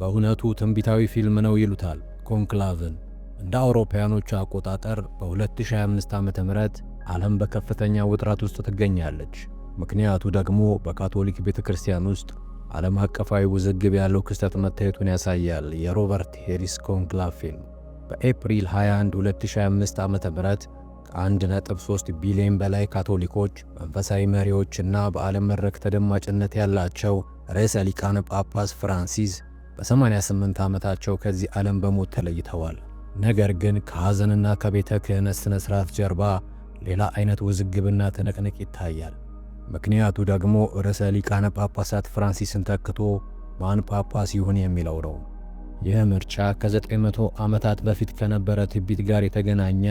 በእውነቱ ትንቢታዊ ፊልም ነው ይሉታል ኮንክላቭን። እንደ አውሮፓውያኖቹ አቆጣጠር በ2025 ዓ ም ዓለም በከፍተኛ ውጥረት ውስጥ ትገኛለች። ምክንያቱ ደግሞ በካቶሊክ ቤተ ክርስቲያን ውስጥ ዓለም አቀፋዊ ውዝግብ ያለው ክስተት መታየቱን ያሳያል። የሮበርት ሄሪስ ኮንክላቭ ፊልም በኤፕሪል 21 2025 ዓ ም ከ1.3 ቢሊዮን በላይ ካቶሊኮች፣ መንፈሳዊ መሪዎችና በዓለም መድረክ ተደማጭነት ያላቸው ርዕሰ ሊቃነ ጳጳስ ፍራንሲስ በ88 ዓመታቸው ከዚህ ዓለም በሞት ተለይተዋል። ነገር ግን ከሐዘንና ከቤተ ክህነት ሥነ ሥርዓት ጀርባ ሌላ አይነት ውዝግብና ትንቅንቅ ይታያል። ምክንያቱ ደግሞ ርዕሰ ሊቃነ ጳጳሳት ፍራንሲስን ተክቶ ማን ጳጳስ ይሁን የሚለው ነው። ይህ ምርጫ ከ900 ዓመታት በፊት ከነበረ ትቢት ጋር የተገናኘ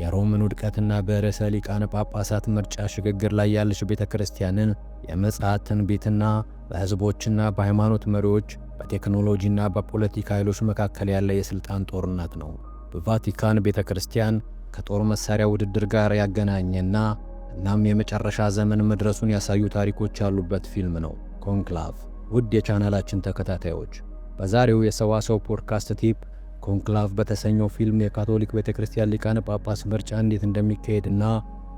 የሮምን ውድቀትና በርዕሰ ሊቃነ ጳጳሳት ምርጫ ሽግግር ላይ ያለች ቤተ ክርስቲያንን የመጽሐት ትንቢትና በሕዝቦችና በሃይማኖት መሪዎች በቴክኖሎጂና በፖለቲካ ኃይሎች መካከል ያለ የሥልጣን ጦርነት ነው። በቫቲካን ቤተ ክርስቲያን ከጦር መሣሪያ ውድድር ጋር ያገናኘና እናም የመጨረሻ ዘመን መድረሱን ያሳዩ ታሪኮች ያሉበት ፊልም ነው ኮንክላቭ። ውድ የቻናላችን ተከታታዮች በዛሬው የሰዋሰው ፖድካስት ቲፕ ኮንክላቭ በተሰኘው ፊልም የካቶሊክ ቤተ ክርስቲያን ሊቃነ ጳጳስ ምርጫ እንዴት እንደሚካሄድና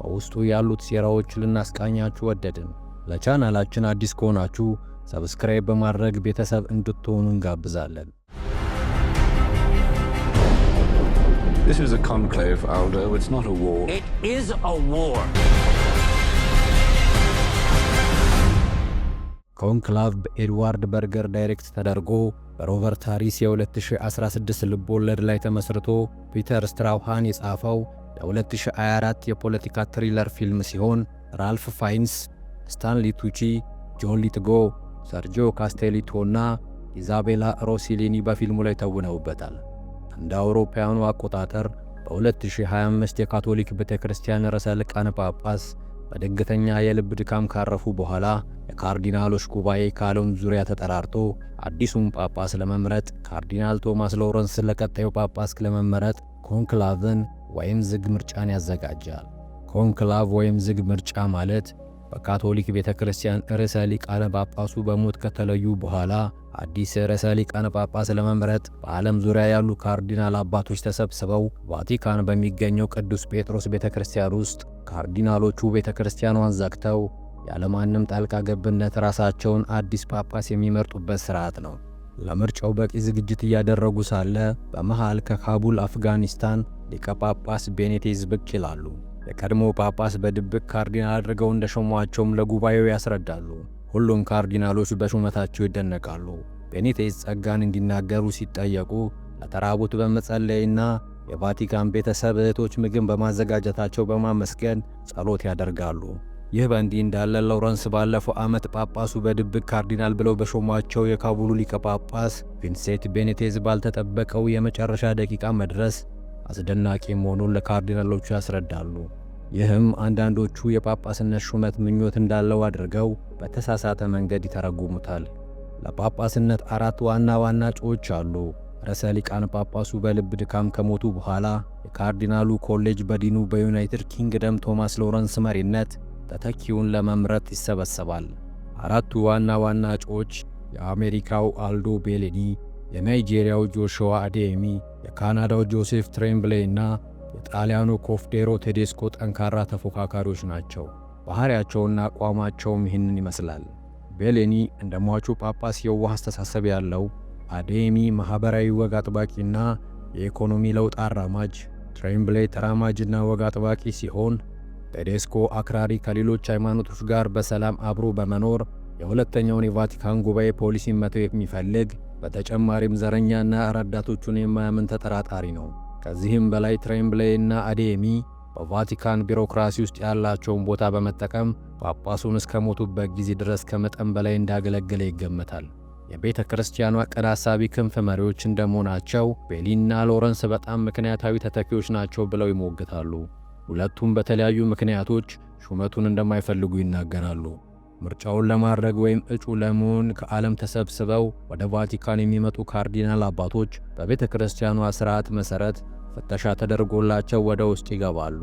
በውስጡ ያሉት ሴራዎች ልናስቃኛችሁ ወደድን። ለቻናላችን አዲስ ከሆናችሁ ሰብስክራይብ በማድረግ ቤተሰብ እንድትሆኑ እንጋብዛለን። This is a conclave, Aldo. It's not a war. It is a war. ኮንክላቭ በኤድዋርድ በርገር ዳይሬክት ተደርጎ በሮበርት ሃሪስ የ2016 ልቦለድ ላይ ተመስርቶ ፒተር ስትራውሃን የጻፈው ለ2024 የፖለቲካ ትሪለር ፊልም ሲሆን ራልፍ ፋይንስ፣ ስታንሊ ቱቺ፣ ጆን ሊትጎ ሰርጆ ካስቴሊቶና ኢዛቤላ ሮሲሊኒ በፊልሙ ላይ ተውነውበታል። እንደ አውሮፓውያኑ አቆጣጠር በ2025 የካቶሊክ ቤተ ክርስቲያን ርዕሰ ሊቃነ ጳጳስ በድንገተኛ የልብ ድካም ካረፉ በኋላ የካርዲናሎች ጉባኤ ካሎን ዙሪያ ተጠራርቶ አዲሱን ጳጳስ ለመምረጥ ካርዲናል ቶማስ ሎረንስ ለቀጣዩ ጳጳስ ለመመረጥ ኮንክላቭን ወይም ዝግ ምርጫን ያዘጋጃል። ኮንክላቭ ወይም ዝግ ምርጫ ማለት በካቶሊክ ቤተ ክርስቲያን ርዕሰ ሊቃነ ጳጳሱ በሞት ከተለዩ በኋላ አዲስ ርዕሰ ሊቃነ ጳጳስ ለመምረጥ በዓለም ዙሪያ ያሉ ካርዲናል አባቶች ተሰብስበው ቫቲካን በሚገኘው ቅዱስ ጴጥሮስ ቤተ ክርስቲያን ውስጥ ካርዲናሎቹ ቤተ ክርስቲያኗን ዘግተው ያለማንም ጣልቃ ገብነት ራሳቸውን አዲስ ጳጳስ የሚመርጡበት ስርዓት ነው። ለምርጫው በቂ ዝግጅት እያደረጉ ሳለ በመሃል ከካቡል አፍጋኒስታን ሊቀ ጳጳስ ቤኔቴዝ ብቅ ይላሉ። የቀድሞ ጳጳስ በድብቅ ካርዲናል አድርገው እንደሾሟቸውም ለጉባኤው ያስረዳሉ። ሁሉም ካርዲናሎች በሹመታቸው ይደነቃሉ። ቤኒቴዝ ጸጋን እንዲናገሩ ሲጠየቁ ለተራቡት በመጸለይና የቫቲካን ቤተሰብ እህቶች ምግብ በማዘጋጀታቸው በማመስገን ጸሎት ያደርጋሉ። ይህ በእንዲህ እንዳለ ሎረንስ ባለፈው ዓመት ጳጳሱ በድብቅ ካርዲናል ብለው በሾሟቸው የካቡሉ ሊቀ ጳጳስ ቪንሴት ቤኔቴዝ ባልተጠበቀው የመጨረሻ ደቂቃ መድረስ አስደናቂ መሆኑን ለካርዲናሎቹ ያስረዳሉ። ይህም አንዳንዶቹ የጳጳስነት ሹመት ምኞት እንዳለው አድርገው በተሳሳተ መንገድ ይተረጉሙታል። ለጳጳስነት አራት ዋና ዋና እጩዎች አሉ። ርዕሰ ሊቃነ ጳጳሱ በልብ ድካም ከሞቱ በኋላ የካርዲናሉ ኮሌጅ በዲኑ በዩናይትድ ኪንግደም ቶማስ ሎረንስ መሪነት ተተኪውን ለመምረጥ ይሰበሰባል። አራቱ ዋና ዋና እጩዎች የአሜሪካው አልዶ ቤሌኒ የናይጄሪያው ጆሹዋ አዴሚ፣ የካናዳው ጆሴፍ ትሬምብሌ እና የጣሊያኑ ኮፍዴሮ ቴዴስኮ ጠንካራ ተፎካካሪዎች ናቸው። ባህሪያቸውና አቋማቸውም ይህንን ይመስላል። ቤሌኒ እንደ ሟቹ ጳጳስ የዋህ አስተሳሰብ ያለው፣ አዴሚ ማኅበራዊ ወግ አጥባቂና የኢኮኖሚ ለውጥ አራማጅ፣ ትሬምብሌ ተራማጅና ወግ አጥባቂ ሲሆን ቴዴስኮ አክራሪ፣ ከሌሎች ሃይማኖቶች ጋር በሰላም አብሮ በመኖር የሁለተኛውን የቫቲካን ጉባኤ ፖሊሲን መተው የሚፈልግ በተጨማሪም ዘረኛና ረዳቶቹን የማያምን ተጠራጣሪ ነው። ከዚህም በላይ ትሬምብሌ እና አዴሚ በቫቲካን ቢሮክራሲ ውስጥ ያላቸውን ቦታ በመጠቀም ጳጳሱን እስከሞቱበት ጊዜ ድረስ ከመጠን በላይ እንዳገለገለ ይገመታል። የቤተ ክርስቲያኗ ቀና አሳቢ ክንፍ መሪዎች እንደመሆናቸው ቤሊና ሎረንስ በጣም ምክንያታዊ ተተኪዎች ናቸው ብለው ይሞግታሉ። ሁለቱም በተለያዩ ምክንያቶች ሹመቱን እንደማይፈልጉ ይናገራሉ። ምርጫውን ለማድረግ ወይም እጩ ለመሆን ከዓለም ተሰብስበው ወደ ቫቲካን የሚመጡ ካርዲናል አባቶች በቤተ ክርስቲያኗ ሥርዓት መሠረት ፍተሻ ተደርጎላቸው ወደ ውስጥ ይገባሉ።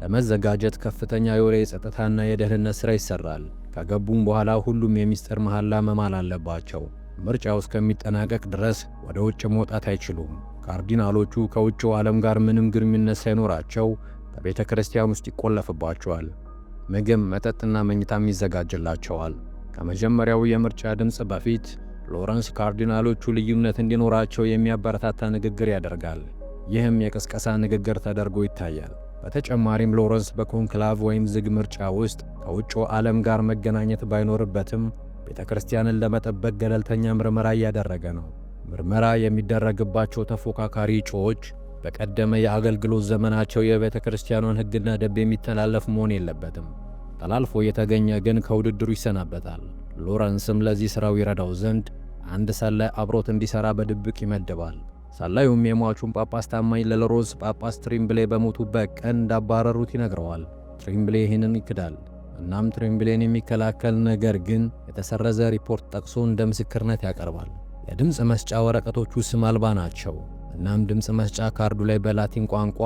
ለመዘጋጀት ከፍተኛ የወሬ የጸጥታና የደህንነት ሥራ ይሠራል። ከገቡም በኋላ ሁሉም የሚስጥር መሐላ መማል አለባቸው። ምርጫው እስከሚጠናቀቅ ድረስ ወደ ውጭ መውጣት አይችሉም። ካርዲናሎቹ ከውጭው ዓለም ጋር ምንም ግንኙነት ሳይኖራቸው በቤተ ክርስቲያን ውስጥ ይቆለፍባቸዋል። ምግብ፣ መጠጥና መኝታም ይዘጋጅላቸዋል። ከመጀመሪያው የምርጫ ድምፅ በፊት ሎረንስ ካርዲናሎቹ ልዩነት እንዲኖራቸው የሚያበረታታ ንግግር ያደርጋል። ይህም የቅስቀሳ ንግግር ተደርጎ ይታያል። በተጨማሪም ሎረንስ በኮንክላቭ ወይም ዝግ ምርጫ ውስጥ ከውጭ ዓለም ጋር መገናኘት ባይኖርበትም ቤተ ክርስቲያንን ለመጠበቅ ገለልተኛ ምርመራ እያደረገ ነው። ምርመራ የሚደረግባቸው ተፎካካሪ እጩዎች በቀደመ የአገልግሎት ዘመናቸው የቤተ ክርስቲያኗን ሕግና ደንብ የሚተላለፍ መሆን የለበትም። ተላልፎ የተገኘ ግን ከውድድሩ ይሰናበታል። ሎረንስም ለዚህ ሥራው ይረዳው ዘንድ አንድ ሰላይ አብሮት እንዲሠራ በድብቅ ይመድባል። ሰላዩም የሟቹን ጳጳስ ታማኝ ለለሮዝ ጳጳስ ትሪምብሌ በሞቱበት ቀን እንዳባረሩት ይነግረዋል። ትሪምብሌ ይህንን ይክዳል። እናም ትሪምብሌን የሚከላከል ነገር ግን የተሰረዘ ሪፖርት ጠቅሶ እንደ ምስክርነት ያቀርባል። የድምፅ መስጫ ወረቀቶቹ ስም አልባ ናቸው። እናም ድምፅ መስጫ ካርዱ ላይ በላቲን ቋንቋ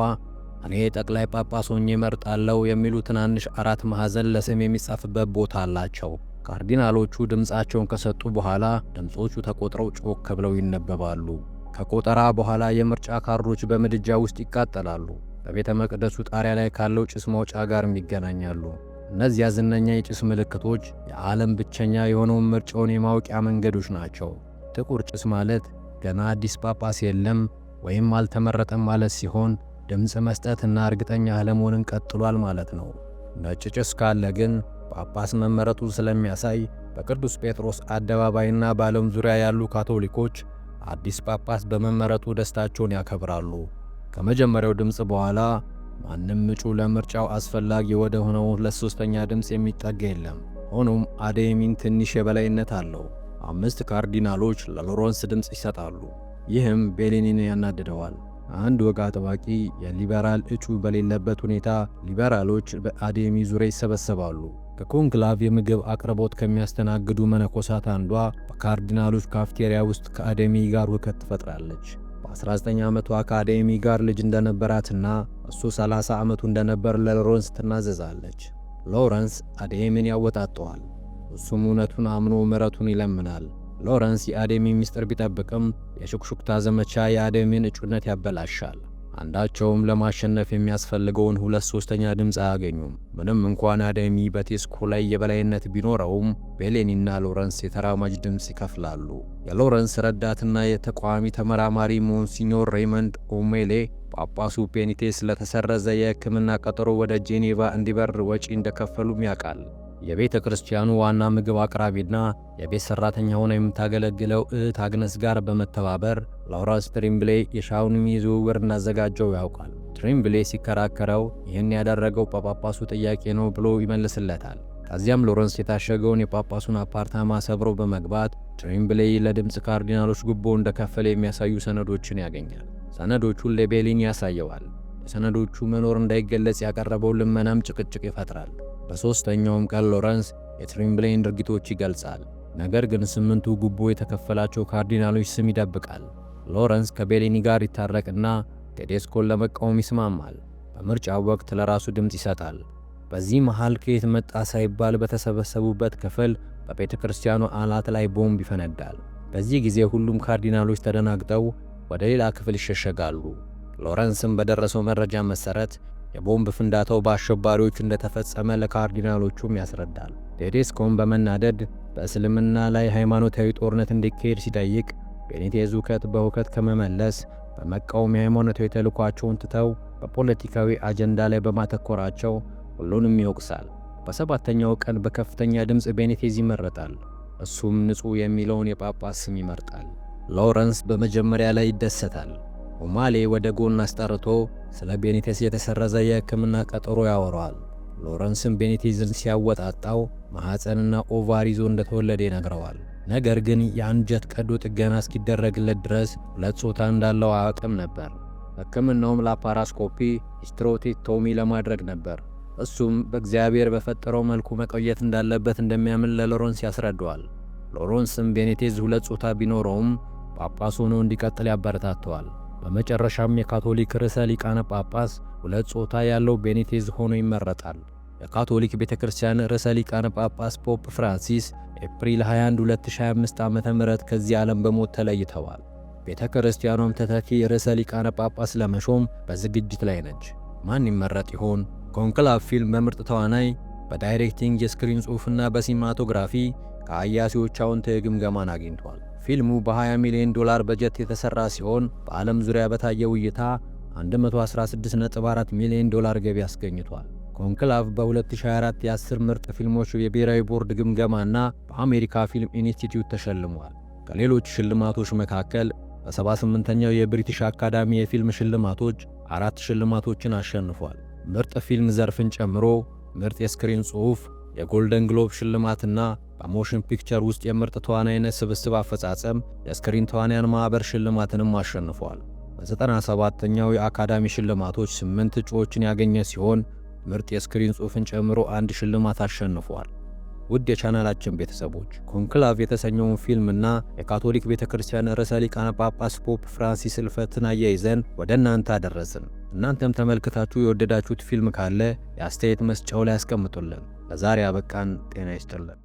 እኔ ጠቅላይ ጳጳስ ሆኜ መርጣለሁ የሚሉ ትናንሽ አራት ማዕዘን ለስም የሚጻፍበት ቦታ አላቸው። ካርዲናሎቹ ድምፃቸውን ከሰጡ በኋላ ድምፆቹ ተቆጥረው ጮክ ብለው ይነበባሉ። ከቆጠራ በኋላ የምርጫ ካርዶች በምድጃ ውስጥ ይቃጠላሉ። በቤተ መቅደሱ ጣሪያ ላይ ካለው ጭስ ማውጫ ጋርም ይገናኛሉ። እነዚያ ዝነኛ የጭስ ምልክቶች የዓለም ብቸኛ የሆነውን ምርጫውን የማወቂያ መንገዶች ናቸው። ጥቁር ጭስ ማለት ገና አዲስ ጳጳስ የለም ወይም አልተመረጠም ማለት ሲሆን ድምፅ መስጠትና እርግጠኛ አለመሆንን ቀጥሏል ማለት ነው። ነጭ ጭስ ካለ ግን ጳጳስ መመረጡ ስለሚያሳይ በቅዱስ ጴጥሮስ አደባባይና በዓለም ዙሪያ ያሉ ካቶሊኮች አዲስ ጳጳስ በመመረጡ ደስታቸውን ያከብራሉ። ከመጀመሪያው ድምፅ በኋላ ማንም እጩ ለምርጫው አስፈላጊ ወደ ሆነው ለሶስተኛ ድምፅ የሚጠጋ የለም። ሆኖም አዴሚን ትንሽ የበላይነት አለው። አምስት ካርዲናሎች ለሎሮንስ ድምፅ ይሰጣሉ። ይህም ቤሊኒን ያናድደዋል። አንድ ወግ አጥባቂ የሊበራል እጩ በሌለበት ሁኔታ ሊበራሎች በአዴሚ ዙሪያ ይሰበሰባሉ። ከኮንክላቭ የምግብ አቅርቦት ከሚያስተናግዱ መነኮሳት አንዷ በካርዲናሎች ካፍቴሪያ ውስጥ ከአዴሚ ጋር ውከት ትፈጥራለች። በ19 ዓመቷ ከአዴሚ ጋር ልጅ እንደነበራትና እሱ 30 ዓመቱ እንደነበር ለሎረንስ ትናዘዛለች። ሎረንስ አዴሚን ያወጣጠዋል። እሱም እውነቱን አምኖ ምረቱን ይለምናል። ሎረንስ የአዴሚ ሚስጥር ቢጠብቅም የሹክሹክታ ዘመቻ የአዴሚን እጩነት ያበላሻል። አንዳቸውም ለማሸነፍ የሚያስፈልገውን ሁለት ሶስተኛ ድምፅ አያገኙም። ምንም እንኳን አደሚ በቴስኮ ላይ የበላይነት ቢኖረውም ቤሌኒና ሎረንስ የተራማጅ ድምፅ ይከፍላሉ። የሎረንስ ረዳትና የተቋሚ ተመራማሪ ሞንሲኞር ሬይመንድ ኦሜሌ ጳጳሱ ፔኒቴ ስለተሰረዘ የሕክምና ቀጠሮ ወደ ጄኔቫ እንዲበር ወጪ እንደከፈሉም ያውቃል። የቤተ ክርስቲያኑ ዋና ምግብ አቅራቢና የቤት ሠራተኛ ሆኖ የምታገለግለው እህት አግነስ ጋር በመተባበር ላውራ ትሪምብሌ የሻውንሚ ዝውውር እናዘጋጀው ያውቃል። ትሪምብሌ ሲከራከረው ይህን ያደረገው በጳጳሱ ጥያቄ ነው ብሎ ይመልስለታል። ከዚያም ሎረንስ የታሸገውን የጳጳሱን አፓርታማ ሰብሮ በመግባት ትሪምብሌ ለድምፅ ካርዲናሎች ጉቦ እንደከፈለ የሚያሳዩ ሰነዶችን ያገኛል። ሰነዶቹን ለቤሊን ያሳየዋል። የሰነዶቹ መኖር እንዳይገለጽ ያቀረበው ልመናም ጭቅጭቅ ይፈጥራል። በሦስተኛውም ቀን ሎረንስ የትሪምብሌን ድርጊቶች ይገልጻል። ነገር ግን ስምንቱ ጉቦ የተከፈላቸው ካርዲናሎች ስም ይደብቃል። ሎረንስ ከቤሊኒ ጋር ይታረቅና ቴዴስኮን ለመቃወም ይስማማል። በምርጫው ወቅት ለራሱ ድምፅ ይሰጣል። በዚህ መሃል ከየት መጣ ሳይባል በተሰበሰቡበት ክፍል በቤተ ክርስቲያኑ አላት ላይ ቦምብ ይፈነዳል። በዚህ ጊዜ ሁሉም ካርዲናሎች ተደናግጠው ወደ ሌላ ክፍል ይሸሸጋሉ። ሎረንስም በደረሰው መረጃ መሠረት የቦምብ ፍንዳታው በአሸባሪዎች እንደተፈጸመ ለካርዲናሎቹም ያስረዳል። ቴዴስኮም በመናደድ በእስልምና ላይ ሃይማኖታዊ ጦርነት እንዲካሄድ ሲጠይቅ ቤኒቴዝ ውከት በውከት ከመመለስ በመቃወም የሃይማኖታዊ ተልኳቸውን ትተው በፖለቲካዊ አጀንዳ ላይ በማተኮራቸው ሁሉንም ይወቅሳል። በሰባተኛው ቀን በከፍተኛ ድምፅ ቤኒቴዝ ይመረጣል። እሱም ንጹሕ የሚለውን የጳጳስ ስም ይመርጣል። ሎረንስ በመጀመሪያ ላይ ይደሰታል። ኦማሌ ወደ ጎን አስጠርቶ ስለ ቤኒቴስ የተሰረዘ የህክምና ቀጠሮ ያወረዋል። ሎረንስም ቤኒቴዝን ሲያወጣጣው ማኅፀንና ኦቫር ይዞ እንደተወለደ ይነግረዋል። ነገር ግን የአንጀት ቀዶ ጥገና እስኪደረግለት ድረስ ሁለት ጾታ እንዳለው አያውቅም ነበር። ህክምናውም ላፓራስኮፒ ሂስትሮቲቶሚ ለማድረግ ነበር። እሱም በእግዚአብሔር በፈጠረው መልኩ መቆየት እንዳለበት እንደሚያምን ለሎረንስ ያስረደዋል። ሎረንስም ቤኔቴዝ ሁለት ጾታ ቢኖረውም ጳጳስ ሆኖ እንዲቀጥል ያበረታተዋል። በመጨረሻም የካቶሊክ ርዕሰ ሊቃነ ጳጳስ ሁለት ጾታ ያለው ቤኒቴዝ ሆኖ ይመረጣል። የካቶሊክ ቤተ ክርስቲያን ርዕሰ ሊቃነ ጳጳስ ፖፕ ፍራንሲስ ኤፕሪል 21 2025 ዓ.ም ከዚህ ዓለም በሞት ተለይተዋል። ቤተ ክርስቲያኗም ተተኪ ርዕሰ ሊቃነ ጳጳስ ለመሾም በዝግጅት ላይ ነች። ማን ይመረጥ ይሆን? ኮንክላቭ ፊልም በምርጥ ተዋናይ፣ በዳይሬክቲንግ፣ የስክሪን ጽሑፍና በሲኒማቶግራፊ ከአያሲዎቻውን ትግምገማን አግኝቷል። ፊልሙ በ20 ሚሊዮን ዶላር በጀት የተሰራ ሲሆን በዓለም ዙሪያ በታየው እይታ 116.4 ሚሊዮን ዶላር ገቢ አስገኝቷል። ኮንክላቭ በ2024 የ10 ምርጥ ፊልሞች የብሔራዊ ቦርድ ግምገማና በአሜሪካ ፊልም ኢንስቲትዩት ተሸልሟል። ከሌሎች ሽልማቶች መካከል በ78ኛው የብሪቲሽ አካዳሚ የፊልም ሽልማቶች አራት ሽልማቶችን አሸንፏል። ምርጥ ፊልም ዘርፍን ጨምሮ ምርጥ የስክሪን ጽሑፍ የጎልደን ግሎብ ሽልማትና በሞሽን ፒክቸር ውስጥ የምርጥ ተዋናይነት ስብስብ አፈጻጸም የስክሪን ተዋናያን ማኅበር ሽልማትንም አሸንፏል። በ97ኛው የአካዳሚ ሽልማቶች ስምንት እጩዎችን ያገኘ ሲሆን ምርጥ የስክሪን ጽሑፍን ጨምሮ አንድ ሽልማት አሸንፏል። ውድ የቻናላችን ቤተሰቦች ኮንክላቭ የተሰኘውን ፊልምና የካቶሊክ ቤተ ክርስቲያን ርዕሰ ሊቃነ ጳጳስ ፖፕ ፍራንሲስ እልፈትን አያይዘን ወደ እናንተ አደረስን። እናንተም ተመልክታችሁ የወደዳችሁት ፊልም ካለ የአስተያየት መስጫው ላይ ያስቀምጡልን። ለዛሬ አበቃን። ጤና ይስጥልን።